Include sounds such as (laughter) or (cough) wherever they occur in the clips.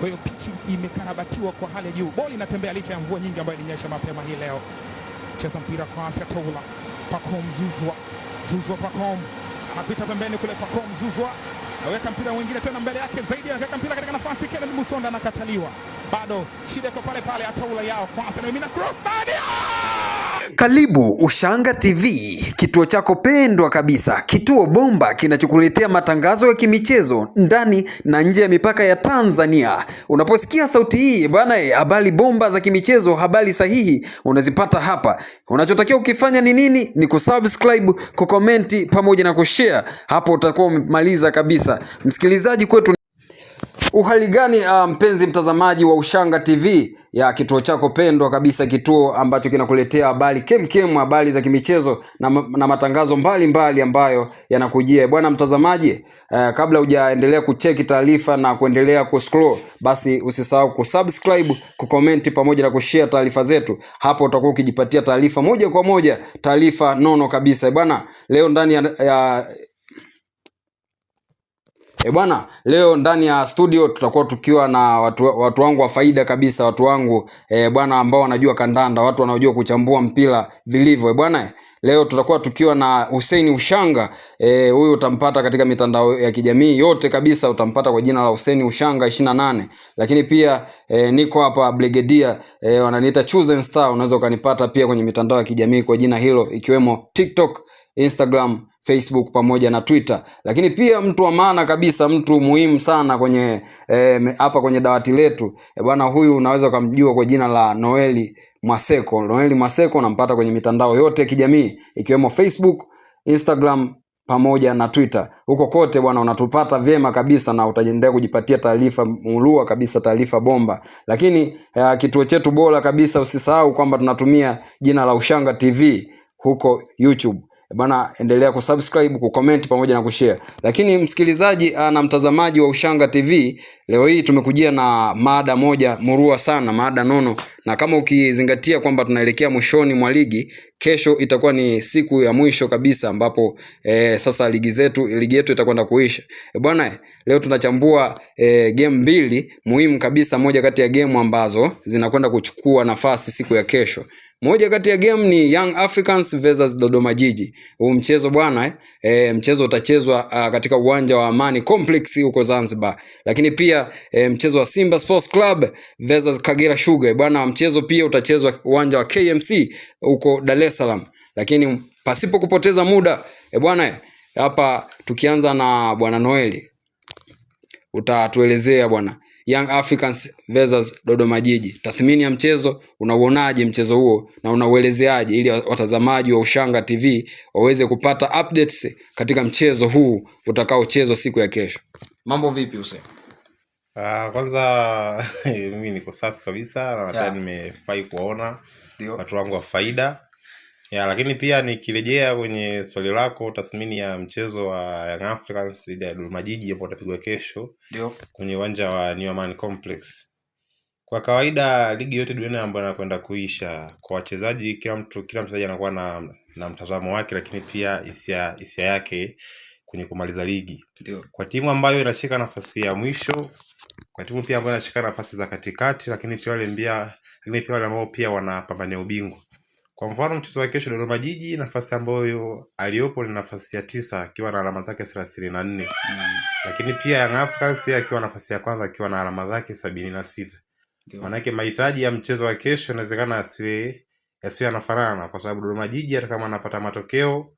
Kwa hiyo pichi imekarabatiwa kwa hali ya juu, boli inatembea licha ya mvua nyingi ambayo ilinyesha mapema hii leo. Cheza mpira kwa Toula, Pacom Zuzwa, Zuzwa Pacom anapita pembeni kule, Pacom Zuzwa naweka mpira mwingine tena mbele yake zaidi, anaweka mpira katika nafasi, Kennedy Musonda anakataliwa, bado shida iko pale pale, Ataula yao kwanza na mimi na cross ndani karibu Ushanga TV, kituo chako pendwa kabisa, kituo bomba kinachokuletea matangazo ya kimichezo ndani na nje ya mipaka ya Tanzania. Unaposikia sauti hii bwana, habari bomba za kimichezo, habari sahihi unazipata hapa. Unachotakiwa ukifanya ni nini? Ni kusubscribe, kukomenti pamoja na kushare. Hapo utakuwa umemaliza kabisa, msikilizaji kwetu. Uhali gani uh, mpenzi mtazamaji wa Ushanga TV ya kituo chako pendwa kabisa, kituo ambacho kinakuletea habari kemkem, habari za kimichezo na, na matangazo mbalimbali mbali ambayo yanakujia bwana mtazamaji. Uh, kabla hujaendelea kucheki taarifa na kuendelea kuscroll, basi usisahau kusubscribe, kucomment pamoja na kushare taarifa zetu. Hapo utakuwa ukijipatia taarifa moja kwa moja, taarifa nono kabisa bwana. Leo ndani ya, ya E bwana, leo ndani ya studio tutakuwa tukiwa na watu, watu wangu wa faida kabisa, watu wangu e bwana, ambao wanajua kandanda, watu wanaojua kuchambua mpira vilivyo. E bwana, leo tutakuwa tukiwa na Hussein Ushanga. E, huyu e, utampata katika mitandao ya kijamii yote kabisa, utampata kwa jina la Hussein Ushanga 28. Lakini pia e, niko hapa Brigadier, e, wananiita Chosen Star. Unaweza ukanipata pia kwenye mitandao ya kijamii kwa jina hilo ikiwemo TikTok, Instagram Facebook pamoja na Twitter. Lakini pia mtu wa maana kabisa, mtu muhimu sana kwenye eh, hapa eh, kwenye dawati letu eh, bwana huyu unaweza ukamjua kwa jina la Noeli Mwaseko. Noeli Mwaseko unampata kwenye mitandao yote kijamii ikiwemo Facebook, Instagram pamoja na Twitter. Huko kote bwana unatupata vyema kabisa na utaendelea kujipatia taarifa mulua kabisa, taarifa bomba. Lakini eh, kituo chetu bora kabisa, usisahau kwamba tunatumia jina la Ushanga TV huko YouTube bana, endelea kusubscribe, kucomment pamoja na kushare. Lakini msikilizaji ah, na mtazamaji wa Ushanga TV, leo hii tumekujia na mada moja murua sana, mada nono, na kama ukizingatia kwamba tunaelekea mwishoni mwa ligi, kesho itakuwa ni siku ya mwisho kabisa ambapo e, sasa ligi zetu ligi yetu itakwenda kuisha e, bwana. Leo tunachambua e, game mbili muhimu kabisa, moja kati ya game ambazo zinakwenda kuchukua nafasi siku ya kesho. Moja kati ya game ni Young Africans versus Dodoma Jiji. Huu mchezo bwana eh? E, mchezo utachezwa uh, katika uwanja wa Amani Complex huko Zanzibar. Lakini pia e, mchezo wa Simba Sports Club versus Kagera Sugar. Bwana mchezo pia utachezwa uwanja wa KMC huko Dar es Salaam. Lakini pasipo kupoteza muda e, bwana hapa tukianza na bwana Noeli. Utatuelezea bwana Young Africans versus Dodoma Jiji. Tathmini ya mchezo, unauonaje mchezo huo na unauelezeaje ili watazamaji wa Ushanga TV waweze kupata updates katika mchezo huu utakaochezwa siku ya kesho? Mambo vipi use? Uh, ah, kwanza (laughs) mimi niko safi kabisa na yeah. kuwaona watu wangu wa faida ya, lakini pia nikirejea kwenye swali lako, tathmini ya mchezo wa Young Africans dhidi ya Dodoma Jiji ambao utapigwa kesho Ndio. kwenye uwanja wa New Amaan Complex. Kwa kawaida ligi yote duniani ambayo inakwenda kuisha, kwa wachezaji, kila mtu kila mchezaji anakuwa na, na mtazamo wake, lakini pia hisia hisia yake kwenye kumaliza ligi. Ndio. Kwa timu ambayo inashika nafasi ya mwisho, kwa timu pia ambayo inashika nafasi za katikati, lakini pia wale mbia, lakini pia wale ambao pia wanapambania ubingwa kwa mfano mchezo wa kesho Dodoma Jiji, nafasi ambayo aliyopo ni nafasi ya tisa akiwa na alama zake thelathini na nne mm. lakini pia Young Africans akiwa nafasi ya kwanza akiwa na alama zake sabini na sita Maanake mahitaji ya mchezo wa kesho inawezekana asiwe yasiwe yanafanana, kwa sababu Dodoma Jiji hata kama anapata matokeo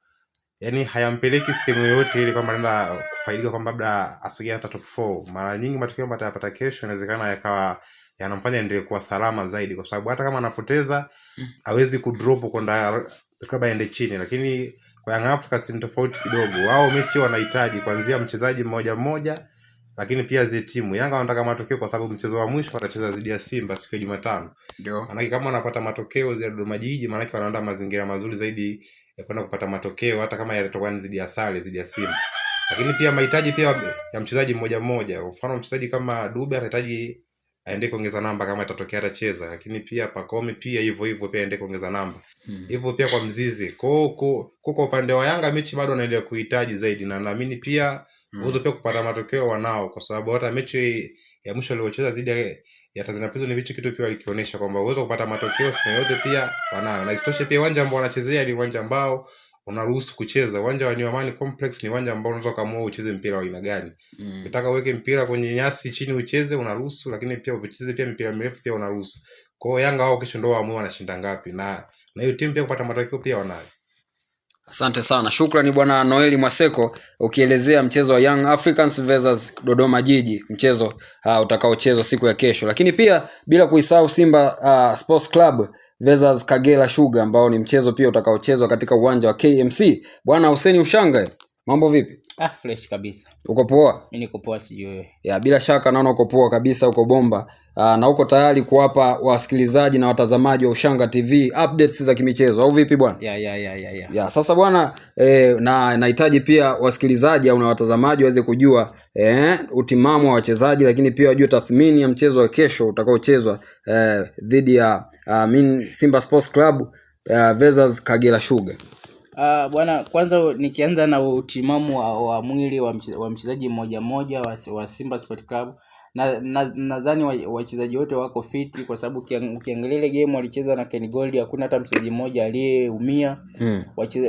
yani hayampeleki sehemu yoyote ili kwamba anaenda kufaidika kwamba labda asogea hata top 4. Mara nyingi matokeo ambayo atayapata kesho inawezekana yakawa yanamfanya endelee kuwa salama zaidi, kwa sababu hata kama anapoteza mm. hawezi kudrop kwenda labda aende chini, lakini kwa Young Africans ni tofauti kidogo. Wao mechi wanahitaji kuanzia mchezaji mmoja mmoja, lakini pia zi timu Yanga wanataka matokeo, kwa sababu mchezo wa mwisho watacheza dhidi ya Simba siku ya Jumatano. maanake kama wanapata matokeo zile Dodoma Jiji, maanake wanaanda mazingira mazuri zaidi ya kwenda kupata matokeo, hata kama yatakuwa ni dhidi ya sale zidi ya Simba lakini pia mahitaji pia ya mchezaji mmoja mmoja. Mfano mchezaji kama Dube anahitaji aende kuongeza namba kama itatokea atacheza, lakini pia Pacome pia hivyo hivyo pia aende kuongeza namba hmm. hivyo hmm. pia kwa Mzizi ko kwa upande wa Yanga mechi bado anaendelea kuhitaji zaidi, na naamini pia hmm. uzo pia kupata matokeo wanao, kwa sababu hata mechi ya mwisho aliocheza zidi ya Tanzania Prisons ni vitu kitu pia walikionyesha kwamba uwezo kupata matokeo sina yote pia wanayo, na isitoshe pia uwanja ambao wanachezea ni uwanja ambao unaruhusu kucheza. Uwanja wa New Amani Complex ni uwanja ambao unaweza ukaamua ucheze mpira wa aina gani. Mm. Ukitaka Mm. uweke mpira kwenye nyasi chini ucheze unaruhusu, lakini pia ucheze pia mpira mrefu pia unaruhusu. Kwa hiyo Yanga wao kesho ndio waamue wanashinda ngapi na na hiyo timu pia kupata matokeo pia wanayo. Asante sana, shukrani bwana Noeli Mwaseko ukielezea mchezo wa Young Africans versus Dodoma Jiji, mchezo uh, utakaochezwa siku ya kesho, lakini pia bila kuisahau Simba uh, Sports Club versus Kagera Sugar ambao ni mchezo pia utakaochezwa katika uwanja wa KMC. Bwana Hussein Ushanga, mambo vipi? Ah, fresh kabisa. Uko poa? Mimi niko poa Ya, bila shaka naona uko poa kabisa, uko bomba. Aa, ah, na uko tayari kuwapa wasikilizaji na watazamaji wa Ushanga TV updates za kimichezo au vipi bwana? Ya, ya, ya, ya, ya. Ya, sasa bwana e, na nahitaji pia wasikilizaji au na watazamaji waweze kujua e, utimamu wa wachezaji lakini pia wajue tathmini ya mchezo wa kesho utakaochezwa dhidi eh, dhidi ya uh, Simba Sports Club uh, versus Kagera Sugar. Uh, bwana kwanza nikianza na utimamu wa, wa mwili wa, mchezaji mmoja mmoja wa, wa Simba Sport Club nadhani na wachezaji wote wako fiti kwa sababu ukiangalia ile game walicheza na Ken Gold hakuna hata mchezaji mmoja aliyeumia. Hmm.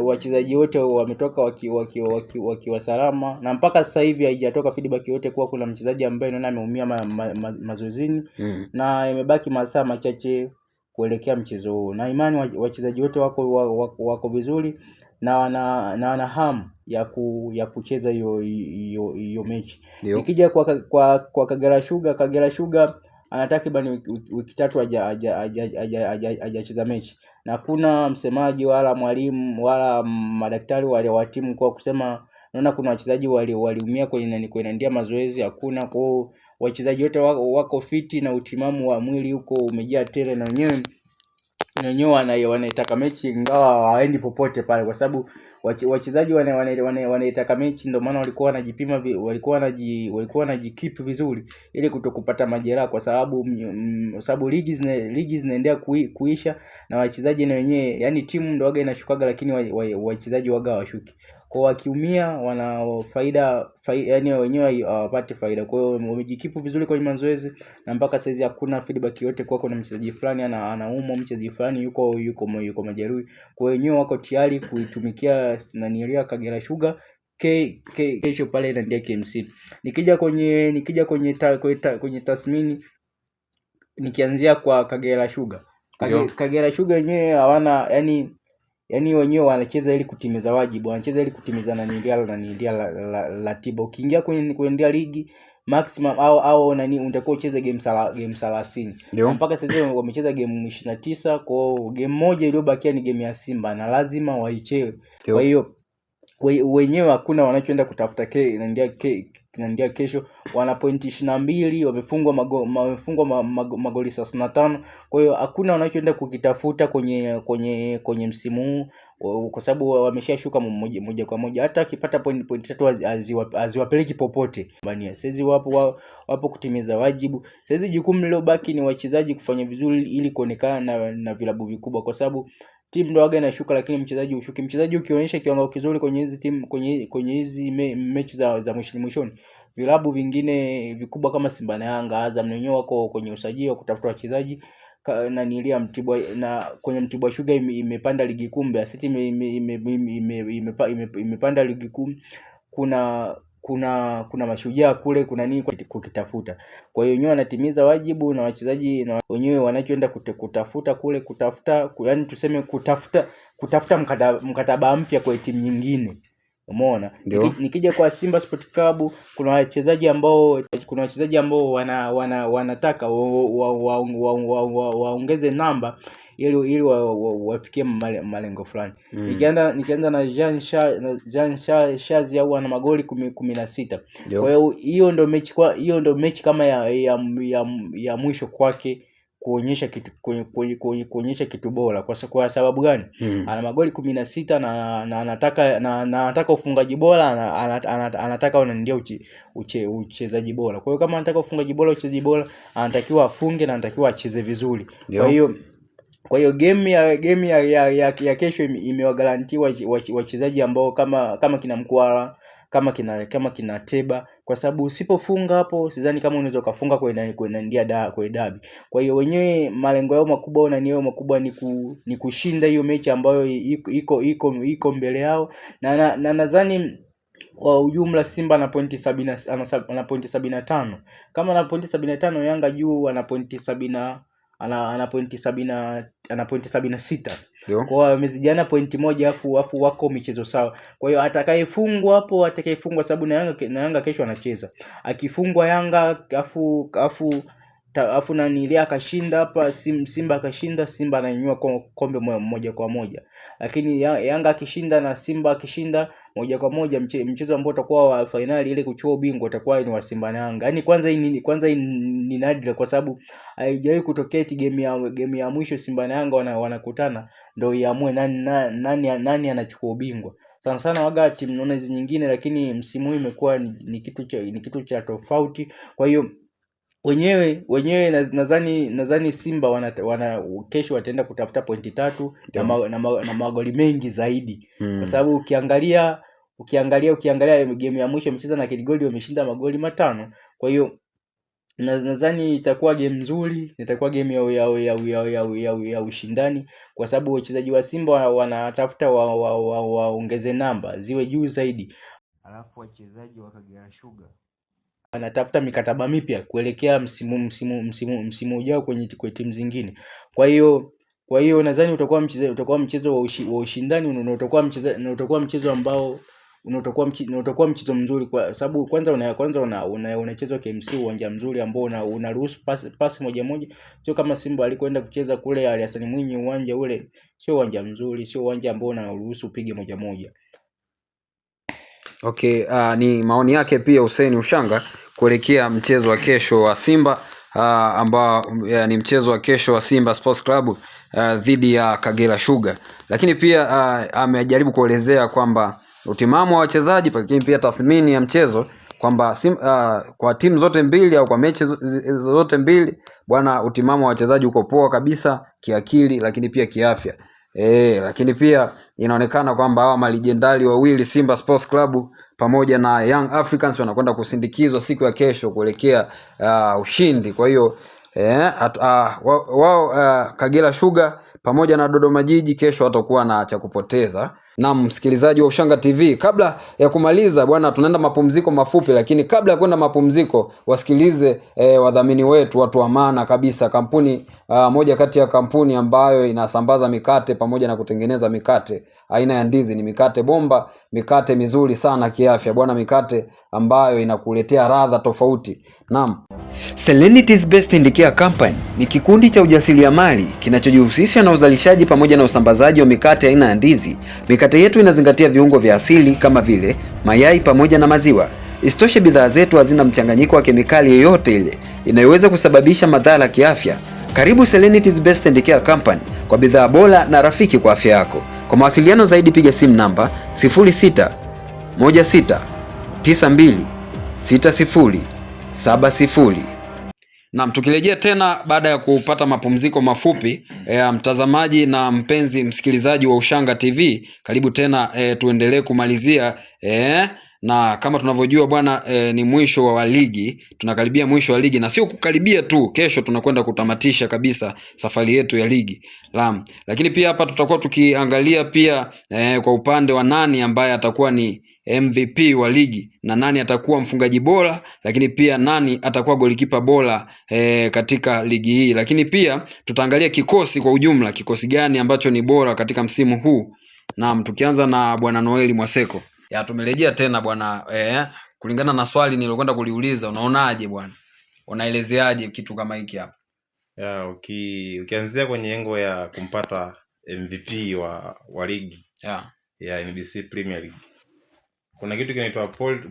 Wachezaji wote wametoka wakiwa waki, waki, waki, waki salama na mpaka sasa hivi haijatoka feedback yote kuwa kuna mchezaji ambaye naona ameumia ma, ma, ma, mazoezini. Hmm. Na imebaki masaa machache kuelekea mchezo huo, na imani wachezaji wote wako, wako, wako vizuri na wana na wana hamu ya ku, ya kucheza hiyo hiyo mechi. nikija kwa, kwa, kwa Kagera Sugar, Kagera Sugar ana takriban wiki tatu hajacheza mechi, na kuna msemaji wala mwalimu wala madaktari wale wa timu kwa kusema naona kuna wachezaji waliumia wali kwenye kwenye ndia mazoezi hakuna kwao wachezaji wote wako, wako fiti na utimamu wa mwili huko umejaa tele, na wenyewe wenyewe wanaitaka mechi ingawa hawaendi popote pale, kwa sababu wachezaji wanaitaka mechi. Ndio maana walikuwa wanajipima walikuwa wanaji, walikuwa wanajikipi vizuri ili kutokupata majeraha, kwa sababu sababu ligi zina, ligi zinaendelea kui, kuisha na wachezaji na wenyewe yani timu ndio waga inashukaga, lakini wachezaji waga washuki kwa wakiumia wana faida yani wenyewe hawapati faida. Kwa hiyo wamejikipu vizuri kwenye mazoezi, na mpaka saizi hakuna feedback yote kwa kuna mchezaji fulani ana anaumwa, mchezaji fulani yuko yuko yuko majeruhi. Kwa hiyo wenyewe wako tayari kuitumikia naniria Kagera Sugar kesho pale inaendea KMC. Nikija kwenye nikija kwenye ta, kwenye, ta, kwenye tasmini nikianzia kwa Kagera Sugar. Kage, Kagera Sugar wenyewe hawana yani yani wenyewe wanacheza ili kutimiza wajibu, wanacheza ili kutimiza na nilia na ndio ratiba. Ukiingia kwenye kuendea ligi maximum au au nani unatakiwa ucheze game sala, game 30. mpaka sasa wamecheza game 29 kwao game moja iliyobakia ni game ya Simba na lazima waichewe. Kwa hiyo wenyewe hakuna wanachoenda kutafuta ke, nandia, ke, nandia kesho wana pointi ishirini na mbili wamefungwa wamefungwa magoli thelathini na tano kwa hiyo hakuna wanachoenda kukitafuta kwenye kwenye kwenye msimu huu kwa sababu wameshashuka moja, moja kwa moja hata akipata pointi point tatu haziwapeleki popote bania wapo, wapo, wapo kutimiza wajibu saizi jukumu lililobaki ni wachezaji kufanya vizuri ili kuonekana na, na vilabu vikubwa kwa sababu timu ndio aga inashuka, lakini mchezaji hushuki. Mchezaji ukionyesha kiwango kizuri kwenye hizi timu kwenye kwenye hizi me, mechi za za mwishoni mwishoni, vilabu vingine vikubwa kama Simba na Yanga, Azam wenyewe wako kwenye usajili wa kutafuta wachezaji na nilia Mtibwa na kwenye Mtibwa Sugar ime, imepanda ligi kuu, Mbeya City imepanda ime, ime, ime, ime, ime, ime, ime ligi kuu kuna kuna kuna mashujaa kule, kuna nini kukitafuta. Kwa hiyo wenyewe wanatimiza wajibu na wachezaji na wenyewe wanachoenda kutafuta kule, kutafuta yani tuseme kutafuta kutafuta mkataba, mkataba mpya kwa timu nyingine. Umeona? Nikija kwa Simba Sport Club kuna wachezaji ambao kuna wachezaji ambao wana, wana, wanataka waongeze wa, wa, wa, wa, wa, wa namba ili ili wafikie malengo fulani. Mm. Nikianza nikianza na Jean Jean Shazi au ana magoli kumi na sita. Kwa hiyo hiyo ndio mechi kwa hiyo ndio mechi kama ya ya, ya, ya mwisho kwake kuonyesha kitu kuonyesha kitu bora kwa, kwa sababu gani? Hmm. Ana magoli kumi na sita na anataka na, na anataka ufungaji bora anataka unanidia uche, uche, uchezaji bora. Kwa hiyo kama anataka ufungaji bora uchezaji bora anatakiwa afunge na anatakiwa acheze vizuri. Kwa hiyo kwa hiyo game ya game ya, ya, ya, ya kesho ime- wachezaji wa, wa ambao kama kama kina Mkwara kama kina kama kina Teba, kwa sababu usipofunga hapo sidhani kama unaweza ukafunga kwenye kuendia da kwa dabi. Kwa hiyo wenyewe malengo yao makubwa na nani makubwa ni ku, ni kushinda hiyo mechi ambayo iko iko iko, mbele yao na, na, na nadhani kwa ujumla Simba ana pointi sabini na- ana, pointi sabini na tano kama ana pointi sabini na tano Yanga juu ana pointi sabini ana, ana pointi sabina na ana pointi sabina sita kwa hiyo pointi moja afu afu wako michezo sawa kwa hiyo atakayefungwa hapo atakayefungwa sababu na Yanga na Yanga kesho anacheza akifungwa Yanga afu afu alafu nanili akashinda hapa sim, Simba akashinda, Simba ananyanyua kombe moja kwa moja, lakini Yanga akishinda na Simba akishinda moja kwa moja, mchezo ambao utakuwa wa fainali ile kuchukua ubingwa utakuwa ni wa Simba na Yanga. Yani kwanza hii kwanza ni nadra, kwa sababu haijawahi kutokea eti game ya game ya mwisho Simba na Yanga wanakutana wana, wanakutana ndio iamue nani, nani, nani, nani anachukua ubingwa sana sana waga timu naona hizi nyingine, lakini msimu huu imekuwa ni, ni kitu cha ni kitu cha tofauti, kwa hiyo wenyewe wenyewe nadhani nadhani Simba wana, wana kesho wataenda kutafuta pointi tatu yeah. na, ma, na, ma, na magoli mengi zaidi mm. kwa sababu ukiangalia ukiangalia ukiangalia gemu ya mwisho amecheza na Kiligoli wameshinda magoli matano kwa hiyo nadhani itakuwa gemu nzuri itakuwa gemu ya, ya, ya, ya, ya, ya, ya ushindani kwa sababu wachezaji wa simba wanatafuta waongeze wa, wa, wa, wa namba ziwe juu zaidi alafu wachezaji wa kagera shuga anatafuta mikataba mipya kuelekea msimu msimu msimu msimu ujao kwenye timu zingine. Kwa hiyo kwa hiyo nadhani utakuwa mchezo utakuwa mchezo wa, ushi, wa ushindani na utakuwa mchezo na utakuwa mchezo ambao utakuwa mchezo, mchezo mzuri kwa sababu kwanza una kwanza una unachezwa una KMC uwanja mzuri ambao una unaruhusu pasi pasi moja moja, sio kama Simba alikwenda kucheza kule Ali Hassan Mwinyi, uwanja ule sio uwanja mzuri, sio uwanja ambao unaruhusu upige moja moja. Okay, uh, ni maoni yake pia Hussein Ushanga kuelekea mchezo wa kesho wa Simba uh, ambao uh, ni mchezo wa kesho wa Simba Sports Club uh, dhidi ya Kagera Sugar, lakini pia uh, amejaribu kuelezea kwamba utimamu wa wachezaji, lakini pia tathmini ya mchezo kwamba uh, kwa timu zote mbili au kwa mechi zote mbili bwana, utimamu wa wachezaji uko poa kabisa kiakili, lakini pia kiafya. E, lakini pia inaonekana kwamba hawa malijendali wawili Simba Sports Club pamoja na Young Africans wanakwenda kusindikizwa siku ya kesho kuelekea uh, ushindi. Kwa hiyo eh, uh, wao uh, Kagera Sugar pamoja na Dodoma Jiji kesho watakuwa na cha kupoteza. Na msikilizaji wa Ushanga TV, kabla ya kumaliza bwana, tunaenda mapumziko mafupi, lakini kabla ya kwenda mapumziko wasikilize eh, wadhamini wetu, watu wa maana kabisa, kampuni uh, moja kati ya kampuni ambayo inasambaza mikate pamoja na kutengeneza mikate aina ya ndizi ni mikate bomba mikate mizuri sana kiafya bwana mikate ambayo inakuletea radha tofauti naam Selenity's Best in Company ni kikundi cha ujasiriamali kinachojihusisha na uzalishaji pamoja na usambazaji wa mikate aina ya ndizi. Mikate yetu inazingatia viungo vya asili kama vile mayai pamoja na maziwa. Isitoshe, bidhaa zetu hazina mchanganyiko wa kemikali yoyote ile inayoweza kusababisha madhara kiafya karibu Selenity's Best and Care Company kwa bidhaa bora na rafiki kwa afya yako. Kwa mawasiliano zaidi piga simu namba 06 16 92 60 70. Naam, tukirejea tena baada ya kupata mapumziko mafupi e, mtazamaji na mpenzi msikilizaji wa Ushanga TV, karibu tena e, tuendelee kumalizia e, na kama tunavyojua bwana e, ni mwisho wa ligi, tunakaribia mwisho wa ligi na sio kukaribia tu, kesho tunakwenda kutamatisha kabisa safari yetu ya ligi lam. Lakini pia hapa tutakuwa tukiangalia pia e, kwa upande wa nani ambaye atakuwa ni MVP wa ligi na nani atakuwa mfungaji bora, lakini pia nani atakuwa golikipa bora e, katika ligi hii. Lakini pia tutaangalia kikosi kwa ujumla, kikosi gani ambacho ni bora katika msimu huu. Naam, tukianza na bwana Noeli Mwaseko ya tumerejea tena bwana eh, kulingana na swali nilokwenda kuliuliza, unaonaje bwana, unaelezeaje kitu kama hiki hapa? Ya, uki, ukianzia kwenye engo ya kumpata MVP wa wa ligi ya, ya NBC Premier League kuna kitu kinaitwa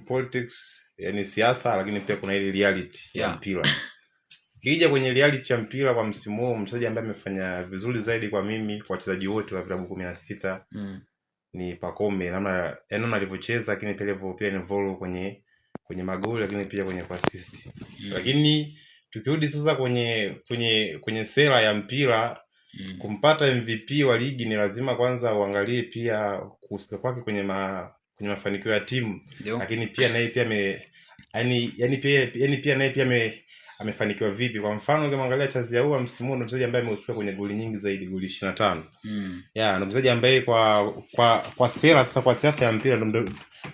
politics, yani siasa, lakini pia kuna ile reality ya mpira. (coughs) Kija kwenye reality ya mpira kwa msimu huu, mchezaji ambaye amefanya vizuri zaidi kwa mimi kwa wachezaji wote wa vilabu kumi na sita mm ni Pacome namna eh, namna alivyocheza, lakini pia alivyo pia volo kwenye kwenye magoli, lakini pia kwenye kuassist. Mm. Lakini tukirudi sasa kwenye kwenye kwenye sera ya mpira mm. kumpata MVP wa ligi ni lazima kwanza uangalie pia kuhusika kwake kwenye ma, kwenye mafanikio ya timu, lakini pia naye pia me, yani yani pia yani pia naye pia me, amefanikiwa vipi. Kwa mfano ukimwangalia Chaziaua msimu huu ni mchezaji ambaye amehusika kwenye goli nyingi zaidi, goli ishirini na tano mm. yeah, ni mchezaji ambaye kwa kwa kwa sera sasa, kwa siasa ya mpira ndo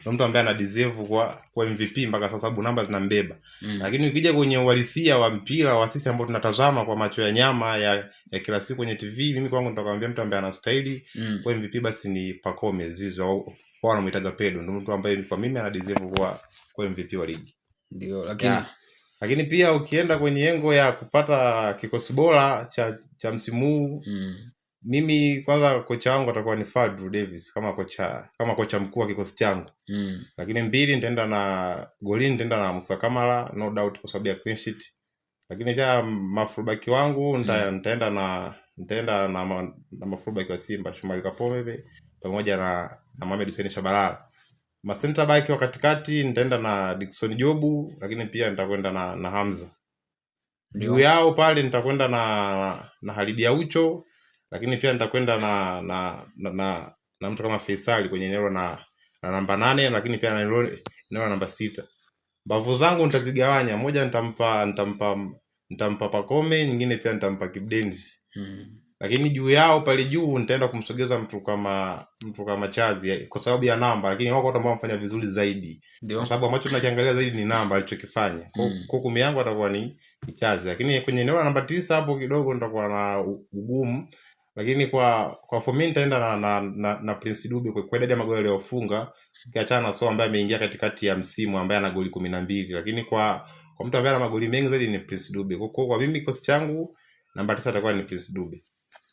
mtu ambaye ana deserve kwa kwa MVP mpaka sasa, sababu namba zinambeba mm. Lakini ukija kwenye uhalisia wa mpira wa sisi ambao tunatazama kwa macho ya nyama ya, ya kila siku kwenye TV, mimi kwangu nitakwambia mtu ambaye anastahili mm. kwa MVP basi ni pakome zizo au kwa wanamhitaji Pedro, ndio mtu ambaye kwa mimi ana deserve kwa kwa MVP wa ligi ndio, lakini yeah lakini pia ukienda kwenye engo ya kupata kikosi bora cha, cha msimu huu mm. mimi kwanza kocha wangu atakuwa ni Fadru Davis kama kocha kama kocha mkuu wa kikosi changu mm. lakini mbili nitaenda na golini nitaenda na Musa Kamara no doubt kwa sababu ya clean lakini cha mafulbaki wangu hmm. nita, mm. nitaenda na nitaenda na, na mafulbaki wa Simba Shomari Kapombe pamoja na na Mohamed Hussein Ma center back wa katikati nitaenda na Dickson Jobu, lakini pia nitakwenda na, na Hamza juu yao pale nitakwenda na na Halidi Aucho, lakini pia nitakwenda na na, na na na mtu kama Faisal kwenye eneo na, na namba nane, lakini pia na eneo la namba sita. Mbavu zangu nitazigawanya, moja nitampa nitampa nitampa Pakome, nyingine pia nitampa Kibdenzi. Hmm lakini juu yao pale juu nitaenda kumsogeza mtu kama mtu kama Chazi eh, kwa sababu ya namba, lakini wako watu ambao wamefanya vizuri zaidi, kwa sababu ambacho tunakiangalia zaidi ni namba alichokifanya. Mm. Kwa kumi yangu atakuwa ni Chazi, lakini kwenye eneo la namba tisa hapo kidogo nitakuwa na ugumu, lakini kwa kwa fomi nitaenda na na, na, na Prince Dube kwa idadi ya magoli aliyofunga, kiachana na so ambaye ameingia katikati ya msimu ambaye ana goli 12, lakini kwa kwa mtu ambaye ana magoli mengi zaidi ni Prince Dube. Kwa kwa mimi kikosi changu namba tisa atakuwa ni Prince Dube.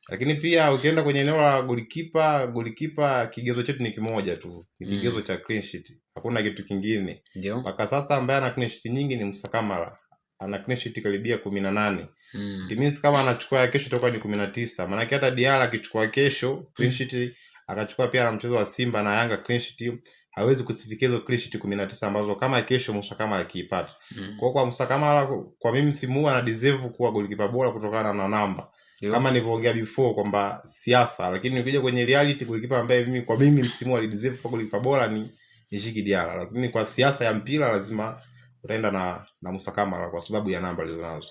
Lakini pia ukienda kwenye eneo la golikipa, golikipa kigezo chetu ni kimoja tu, ni kigezo mm. cha clean sheet, hakuna kitu kingine mpaka sasa. Ambaye ana clean sheet nyingi ni Musa Kamara, ana clean sheet karibia kumi na nane mm. it means kama anachukua ya kesho itakuwa ni kumi na tisa maanake hata Diala akichukua kesho clean sheet mm. akachukua pia na mchezo wa Simba na Yanga clean sheet hawezi kusifikia hizo clean sheet 19 ambazo kama kesho Musa Kamara akiipata. Mm. Kwa kwa Musa Kamara kwa mimi simu huu ana deserve kuwa golikipa bora kutokana na namba. Yo. kama nilivyoongea before kwamba siasa, lakini nikija kwenye reality golikipa ambaye mimi kwa mimi msimu wa Lidzef kwa kulipa bora ni ni Jiki Diarra, lakini kwa siasa ya mpira lazima utaenda na na Musa Kamara kwa sababu ya namba alizonazo.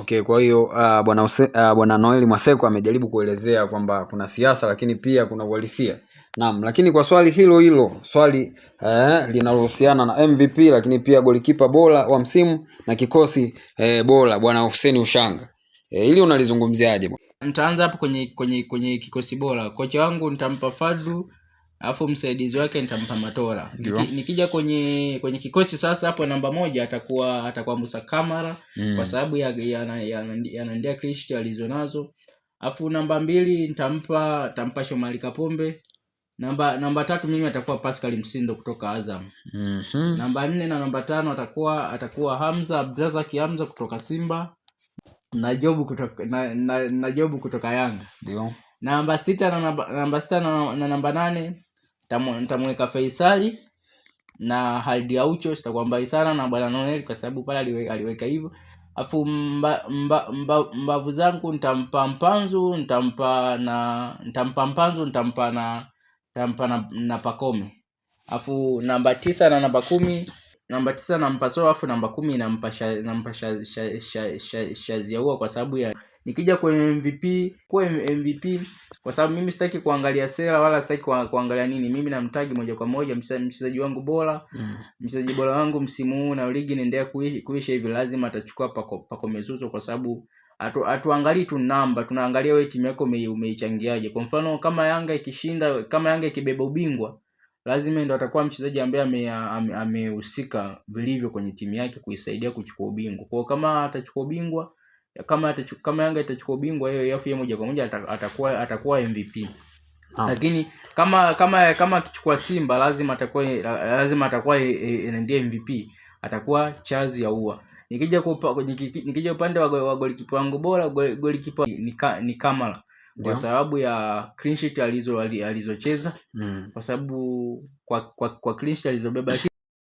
Okay, kwa hiyo uh, bwana uh, bwana Noeli Mwaseko amejaribu kuelezea kwamba kuna siasa lakini pia kuna uhalisia. Naam, lakini kwa swali hilo hilo, swali eh, linalohusiana na MVP lakini pia golikipa bora wa msimu na kikosi eh, bora bwana Hussein Ushanga E, ili unalizungumziaje? Nitaanza hapo kwenye kwenye kwenye kikosi bora. Kocha wangu nitampa Fadlu, alafu msaidizi wake nitampa Matora. Niki, nikija kwenye kwenye kikosi sasa, hapo namba moja atakuwa atakuwa Musa Kamara mm. kwa sababu ya ya Nandia Kristi alizonazo. Alafu namba mbili nitampa nitampa shomali Kapombe. Namba namba tatu mimi atakuwa Pascal Msindo kutoka Azam. Mm -hmm. Namba nne na namba tano atakuwa atakuwa Hamza Abdrazaki Hamza kutoka Simba na jobu kutoka, na, na, kutoka Yanga ndio namba sita na namba, namba sita na, na namba nane ntamuweka Faisali na ya Aucho, sitakuwa mbali sana na bwana Nonel kwa sababu pale aliweka, aliweka hivyo afu mba, mba, mba, mbavu zangu ntampa Mpanzu ntampa na ntampa Mpanzu ntampa na nitampa na, na Pakome afu namba tisa na namba kumi namba tisa nampa Soa afu namba kumi nampa nampa Shaziaua kwa sababu ya nikija kwenye MVP kwa MVP kwa sababu mimi sitaki kuangalia sera wala sitaki kuangalia nini, mimi namtagi moja kwa moja mchezaji wangu bora, mm. mchezaji bora wangu msimu huu na ligi inaendelea kuisha hivi, lazima atachukua pako, pako mezuzo kwa sababu hatuangalii tu namba, tunaangalia wewe timu yako umeichangiaje. Kwa mfano kama Yanga ikishinda, kama Yanga ikibeba ubingwa lazima ndo atakuwa mchezaji ambaye amehusika ame vilivyo kwenye timu yake kuisaidia kuchukua ubingwa kwao kama atachukua ubingwa kama atachu, kama yanga itachukua ubingwa hiyo yafu ye moja kwa moja atakuwa atakuwa mvp Ha. lakini kama kama kama akichukua simba lazima atakuwa lazima atakuwa e, e, e, ndiye mvp atakuwa chazi ya ua nikija kupa, nikija upande wa golikipa wangu bora golikipa ni, ni, ni kamala kwa sababu ya clean sheet alizocheza alizo mm. kwa sababu kwa, kwa, kwa clean sheet alizobeba